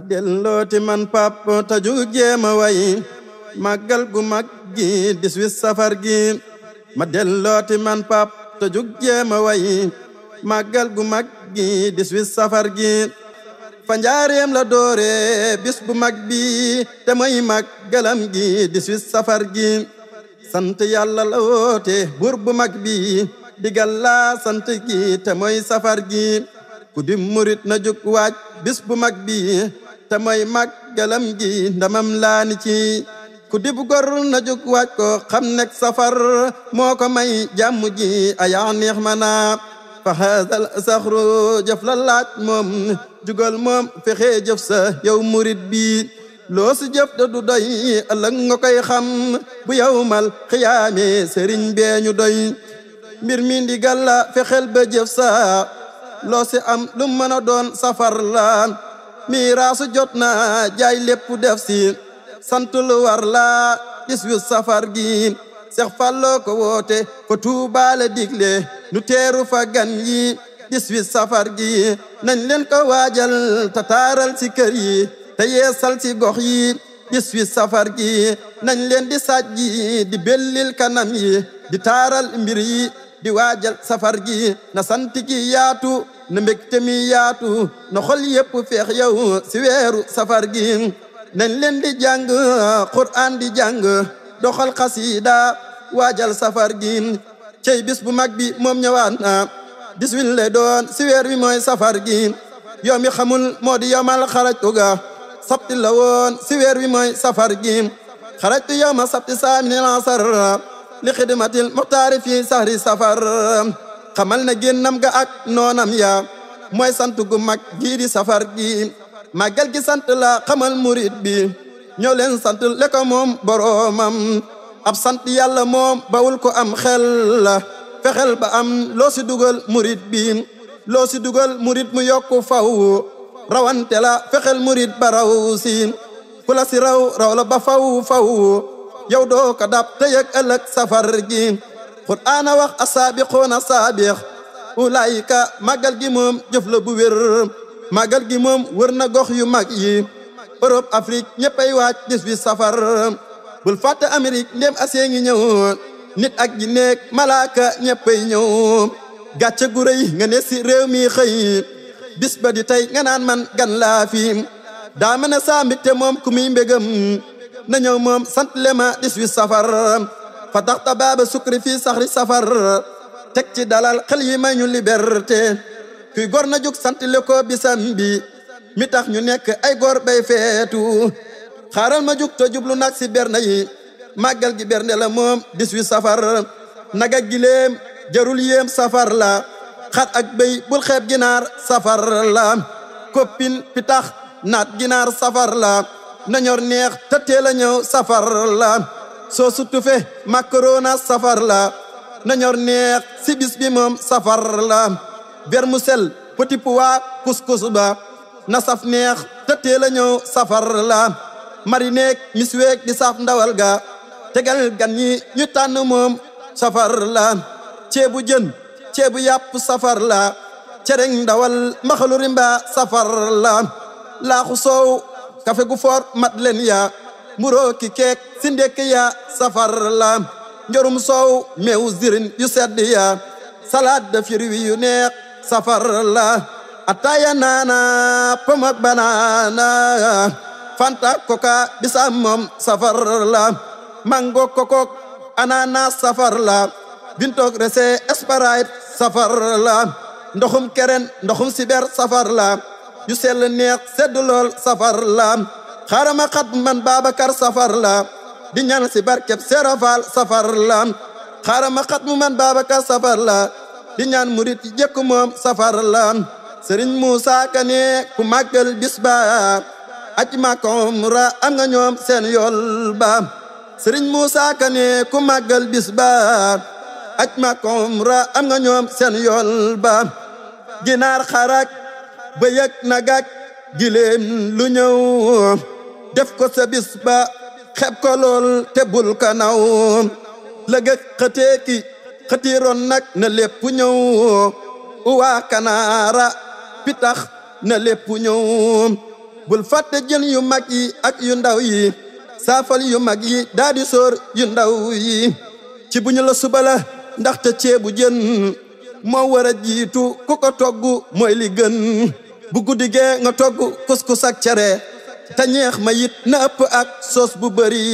dellooti man pap ta jug jéema way màggal gu mag gi dix safar gi ma dellooti man pap ta jug jéema way màggal gu mag gi dix safar gi fa njaareem la doore bis bu mag bi te mooy màggalam gi dix safar gi sant yàlla la woote buur bu mag bi digal laa sant gi te mooy ku di na jug waaj bis bu te mooy màggalam gi ndamam laani ci ku dib gor na jóg waaj ko xam nek safar moo ko may jàmm ji ayaa neex mana fa xaasal saxru jëf la laaj moom jugal moom fexe jëf sa yow murit bi loo si jëf du doy ëllëg nga koy xam bu yow mal xiyaame sëriñ bee ñu doy mbir mi ndigal la fexeel ba jëf sa am lu mën a doon safar la miiraasu jot na jaay lépp def si sant lu war laa dix-huit safar gi Seex Fallu ko woote fa tuubaale digle nu teeru fa gan yi dix-huit safar gi nañ leen ko waajal tataaral si kër yi te yeesal si gox yi dix-huit safar gi nañ leen di sajji di bellil kanam yi di taaral mbir yi di waajal safar gi na sant gi yaatu na mbégte mi yaatu na xol yépp feex yow si weeru safar gi nañ leen di jàng quraan di jàng doxal xasiida waajal safar gi cey bis bu mag bi moom ñëwaat na le doon si weer wi mooy safar gi yow mi xamul moo di yowmal ga sabti la woon si weer wi mooy safar gi xarajtu yowma sabti saamini lansar li xidmatil muxtaari fii sahri safar xamal na nam ga ak noonam yaa mooy sant gu mag gii di safar gi màggal gi sant la xamal murit bi ñëw leen sant le ko moom boroomam ab sant yàlla moom bawul ko am xel la fexel ba am loo si dugal murit bi loo si dugal murit mu yokku faw rawante la fexel murit ba raw ku la si raw raw la ba faw faw yow doo ko dab te ëllëg safar ji qur'aan a wax asaabiquuna saabix ulaayika màggal gi moom jëf la bu wér màggal gi moom wër na gox yu mag yi Europe Afrique ñëppay waaj dis bi safar bul fàtte Amérique ndéem Asie ngi ñëw nit ak ji neeg malaaka ñëppay ñëw gàcce gu rëy nga ne si réew mi xëy bis ba di tey nga naan man gan laa fi daa mën a saa ku muy mbégam na ñëw moom sant le ma 18 safar fa tax ta baaba sukri fii saxri safar teg ci dalal xel yi may ñu liberté kuy gor na jug sant le ko bisam bi mi tax ñu nekk ay gor bay feetu xaaral ma jug te jublu nag si berne yi màggal gi berne la moom 18 safar naga gileem jarul yéem safar la xar ak béy bul xeeb ginaar safar la koppin pitax naat ginaar safar la na ñor neex te teel a ñëw safar la soo su tufe macarona safar la na ñor neex si bis bi moom safar la vermicelle petit pois couscous ba na saf neex te teel safar la marineek misweek di saf ndawal ga tegal gan ñi ñu tànn moom safar la ceebu jën ceebu yàpp safar la cereng ndawal maxalu rimba safar la laaxu kafe gu foor mat leen yaa mburoo keek si ndekk yaa safar la njorum soow meew zirin yu sedd yaa salaat da firwi yu neex safar la ataaya naana pom ak banaana fanta koka bisaam moom safar la mango kokok ananas safar la bintoog rese Sprite safar la ndoxum keren ndoxum siber safar la ju sell neex sedd lool safar la xarama xat man Babacar safar la di ñaan si barkeb serafal safar la xarama xat mu man Babacar safar la di ñaan murit yi jëkk moom safar la sëriñ Moussa Kane ku màggal bis ba aj Makka umra am nga ñoom seen yool ba sëriñ Moussa màggal bis ba aj Makka xarak ba na gàj giléem lu ñëw def ko sebis ba xeb ko lool te bul ko naw lëgë xëteeki xëtiiroon na lépp ñëw uwaa kanaara pitax na lépp ñëw bul fàtte jën yu mag yi ak yu ndaw yi saafal yu mag yi daa yu ndaw yi ci bu ñu la subala ceebu jën moo war a jiitu ku ko togg moyli li gën bu guddigee nga togg kuskus ak cere te ñeex ma it na ëpp ak sos bu bëri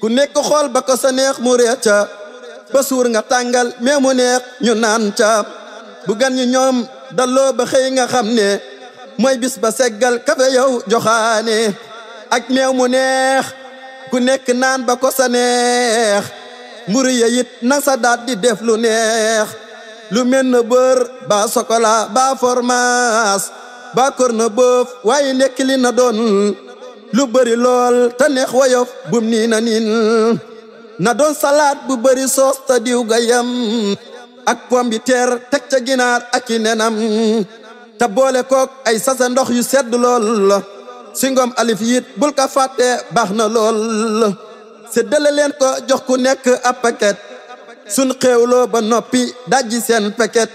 ku nekk xool ba ko sa neex mu reer ca ba suur nga tàngal mais mu neex ñu naan ca bu gan ñi ñoom daloo ba xëy nga xam ne mooy bis ba seggal kafe yow joxaane ak meew mu neex ku nekk naan ba ko sa neex mburu ya it na sa daat def lu neex lu mel bër ba sokola ba formaas ba kor na boof waaye ndekki li na doon lu bëri lool ta neex woyof bum nii na niin na doon salaat bu bëri soos ta diw ga yam ak pom bi teer ca ginaar ak i nenam te boole kook ay sase ndox yu sedd lool si ngoom alif yit bul ka fàtte baax na lool séddale leen ko jox ku nekk ab paquet sun xewloo ba noppi dajji seen peket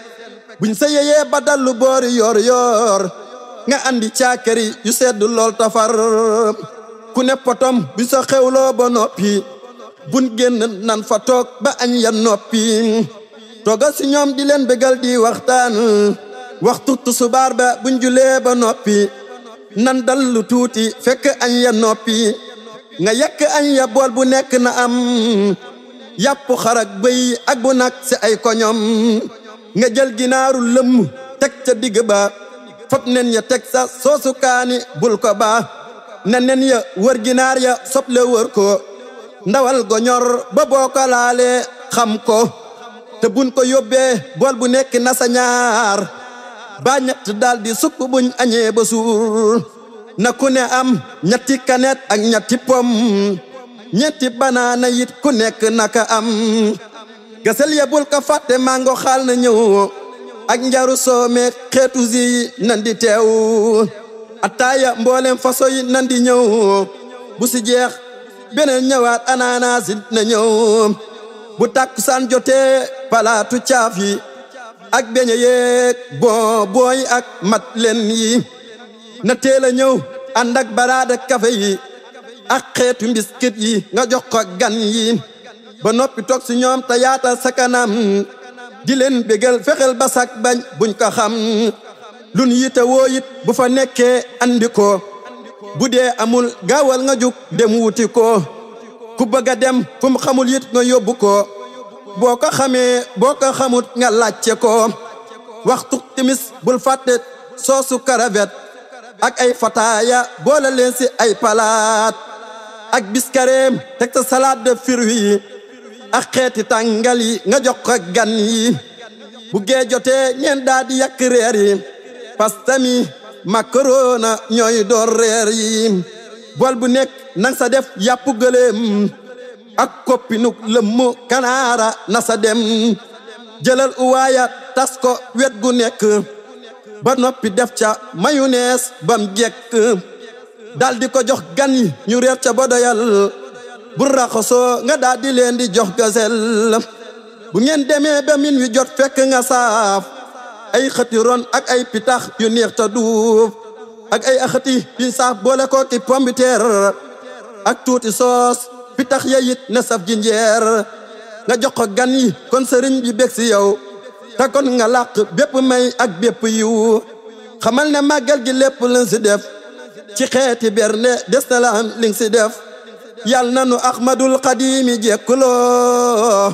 buñ sa yeyee ba dallu boori yoor yoor nga andi caakari yu sedd lool tafar ku ne potom buñ sa xewloo ba noppi buñ génn nan fa toog ba añ ya noppi tooga si ñoom di leen bégal di waxtaan waxtu tusubaar ba buñ julee ba noppi nan dallu tuuti fekk añ ya noppi nga yekk añ ya bool bu nekk na am yàpp xarak bëy ak bu nag si ay koñom nga jël ginaaru lëmm teg ca digg ba fop nen ya teg sa soosu kaani bul ko ba na nen ya wër ginaar ya soble wër ko ndawal goñor ba boo ko laalee xam ko te buñ ko yóbbe bool bu nekk na sa ñaar ba ñett daal sukk buñ añee ba suur na ku ne am ñetti kanet ak ñetti pom ñetti banaana yit ku nekk naka am gasel yebul ko fàtte màngo xaal na ñëw ak njaru soome xeetu zi yi nan di teew attaaya mboolem faso yi nan bu si jeex beneen ñëwaat anaanaas it na ñëw bu takkusaan jotee palaatu caaf yi ak beñ yeeg bon ak mat leen yi na teel a ñëw ànd baraada kafe yi ak xeetu mbiskit yi nga jox ko gan yi ba noppi toog si ñoom te yaatal sa kanam di leen bégal fexeel ba sak bañ buñ ko xam lun yite woo it bu fa nekkee andi bu dee amul gaawal nga jug dem wuti ko ku bëgg a dem fu xamul it nga yóbbu ko boo ko xamee boo ko xamut nga laajte ko waxtu timis bul fàtte soosu karavet ak ay fataaya boole leen si ay palaat ak biskareem teg sa salade de fruits ak xeeti tàngal yi nga jox ko gan yi bu jotee ñeen daa di yàq reer yi pasta mi macarona ñooy door reer yi bool bu nekk nang sa def yàpp gëléem ak koppinuk lëmm kanaara na sa dem jëlal uwaaya tas ko wet gu nekk ba noppi def ca mayonnaise bam jekk dal di ko jox gan yi ñu reer ca ba doyal bu raxasoo nga daal di leen di jox gazelle bu ngeen demee ba min wi jot fekk nga saaf ay xëti ron ak ay pitax yu neex ta duuf ak ay axati yuñ saaf boole koo pombiteer ak tuuti soos pitax ya yit na saf ji njeer nga jox ko gan yi kon sëriñ bi bég si yow kon nga làq bépp may ak bépp yiw xamal ne màggal gi lépp lañ si def ci xeeti berle des na la am li nga si def yal na nu ahmadul xadimi jekkuloo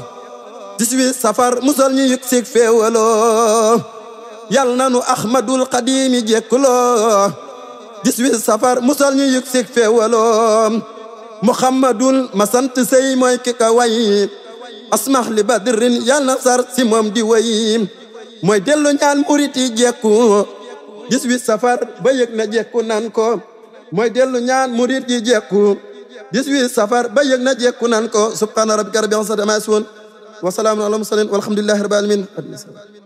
dix-huit safar musol ñu yëg sig yal na nu ahmadul xadimi jekkuloo dix-huit safar musal ñu yëg sig féewaloo muhammadul masant sey mooy ki ka way asmah li badrin yal na sar si moom di way mooy dellu ñaan murit yi dix-huit safar ba yëg na jekku nan ko mooy dellu ñaan murit yi jekku dix-huit safar ba yëg na jekku nan ko subhaana rabbika rabbil izzati ammaa yasifuun wa salaamun alal mursaliin walhamdulillahi rabbil aalamiin